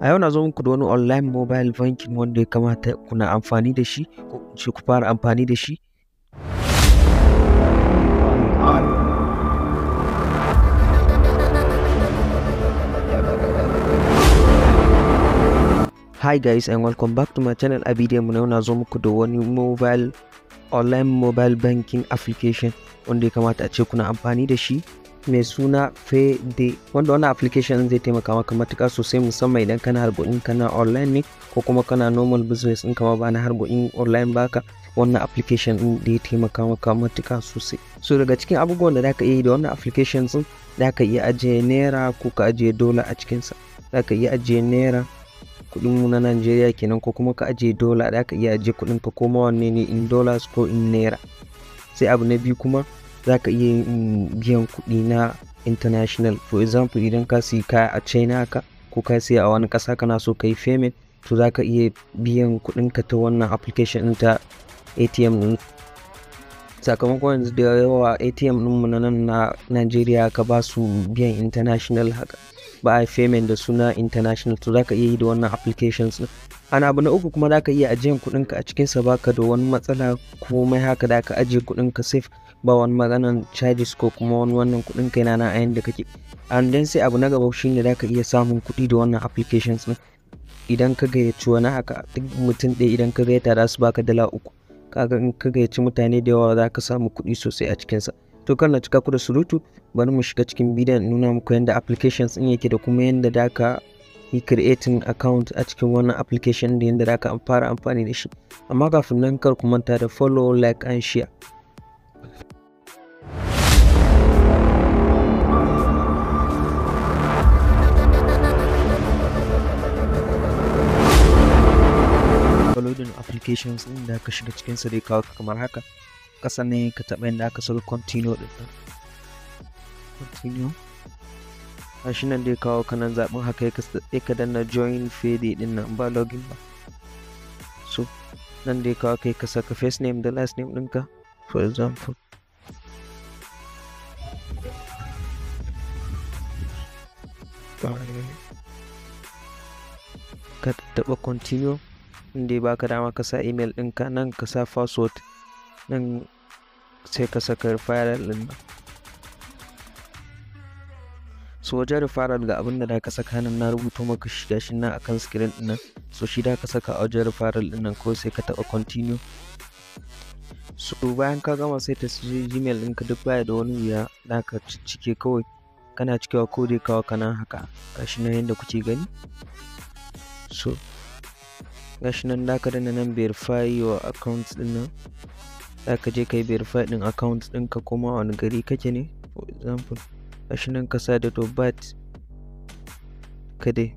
a yau na zo muku da wani online mobile banking wanda ya kamata kuna amfani da shi ko ce ku fara amfani da shi hi guys and welcome back to my channel a video mu na yau na zo muku da wani mobile online mobile banking application wanda ya kamata a ce kuna amfani da shi mai suna Fede wanda wannan application zai taimaka maka matuka sosai musamman idan kana in kana online ne ko kuma kana normal business in kama ba na in online baka wannan application din da ya taimaka maka matuka sosai so daga cikin abubuwan da zaka yi da wannan application din zaka iya ajiye naira ko ka ajiye dola a cikinsa zaka iya ajiye naira kuɗin mu na Najeriya kenan ko kuma ka ajiye dola zaka iya ajiye kuɗin ka ko ma wanne ne in dollars ko in naira sai abu na biyu kuma za ka iya biyan kuɗi na international for example idan ka siya kaya a china ka ko ka siya a wani ƙasa kana so ka yi payment to za ka iya biyan kuɗin ka ta wannan application ɗin ta atm ɗin sakamakon yanzu da yawa atm mu na nan na najeriya ka ba su biyan international haka ba a payment da suna international to za ka iya yi da wannan applications ɗin ana abu na uku kuma za ka iya ajiyan ka a cikinsa ba ka da wani matsala komai haka da ka ajiye ka safe ba wani maganan charges ko kuma wani wannan kuɗinka yana nan a yanda kake and then sai abu na gaba shine za ka iya samun kuɗi da wannan applications din idan ka gayyaci wani haka duk mutum ɗaya idan ka gayyata za su baka dala uku kaga in ka gayyaci mutane da yawa za ka samu kuɗi sosai a sa to kan na cika ku da surutu bari mu shiga cikin bidiyon nuna muku yadda applications din yake da kuma yadda da ka yi creating account a cikin wannan application da yadda aka fara amfani da shi amma kafin nan kar ku manta da follow like and share downloading applications din da ka shiga cikin su dai kawo kamar haka kasa ne ka taɓa inda aka sauri continue din continue shi nan da ya kawo kanan zaɓin haka ya sai ka danna join fade din nan ba login ba so nan da ya kawo kai ka saka first name da last name ɗinka for example ka taɓa continue inda ya baka dama ka sa email ɗinka nan ka sa password nan sai ka saka file ɗin nan so wajen referral daga abin da da ka saka nan na rubuta maka shi gashin nan akan screen din nan so shi da ka saka a wajen fara din nan ko sai ka taba continue so bayan ka gama sai ta gmail ka duk baya da wani wuya da ka cike kawai kana cikewa ko dai kawa kana haka gashi nan yadda kuke gani so gashi nan da ka dana nan verify your account din nan da ka je ka yi verify din account ka kuma wani gari kake ne for example gashi nan kasa da to bat ka dai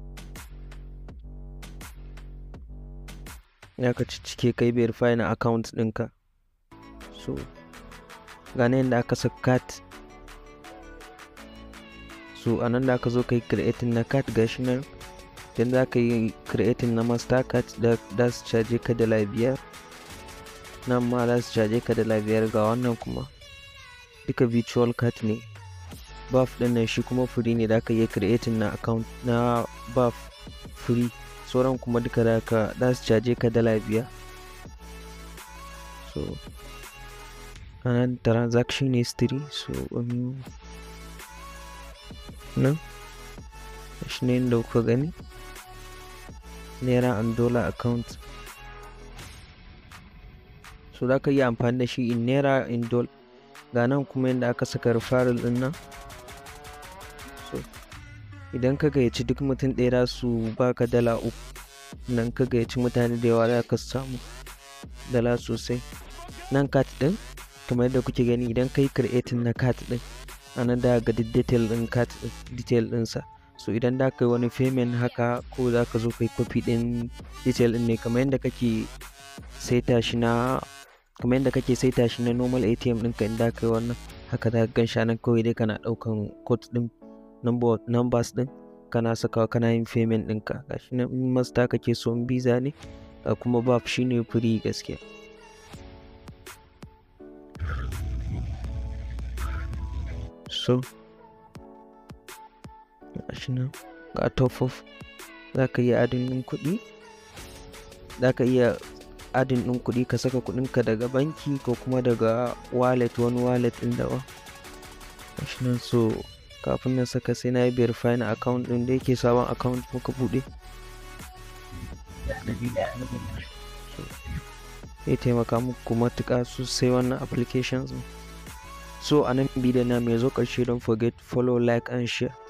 ya ka cike kai verify na account ɗinka so gane yadda aka sa cat so anan da aka zo ka yi creating na cat gashi nan idan za ka yi creating na mastercard da su caje ka da labiyar nan ma za su caje ka da labiyar ga wannan kuma duka virtual card ne buff din nan shi kuma free ne da ka yi creating na account na buff free sauran kuma duka da ka da su caje ka dala biya so anan transaction history so um, nan shi ne da kuka gani naira and dollar account so da ka yi amfani da shi in naira in dollar ga nan kuma yadda aka saka referral din nan so idan ka gayyaci duk mutum ɗaya za su baka dala uku nan ka gayyaci mutane da yawa za ka samu dala sosai nan kat ɗin kamar yadda kuke gani idan ka yi creating na kat ɗin ana da ga detail ɗin kat detail ɗinsa so idan da ka yi wani payment haka ko za ka zo ka yi copy ɗin detail ɗin ne kamar yadda kake saita shi na kamar yadda kake saita shi na normal atm ɗinka in da ka yi wannan haka za ka gan shanan kawai dai kana ɗaukan code ɗin number numbers din kana sakawa kana yin payment ɗinka gashi na master kake so in visa ne kuma ba shi ne free gaskiya so gashi na ga top of za ka iya adin ɗin kuɗi za ka iya adin ɗin kuɗi ka saka kuɗinka daga banki ko kuma daga wallet wani wallet ɗin ba gashi nan so kafin na saka sai na yi verifying account din da yake sabon account muka bude ya taimaka muku matuka sosai wannan applications so anan nan bidiyon na mai zo karshe don forget follow like and share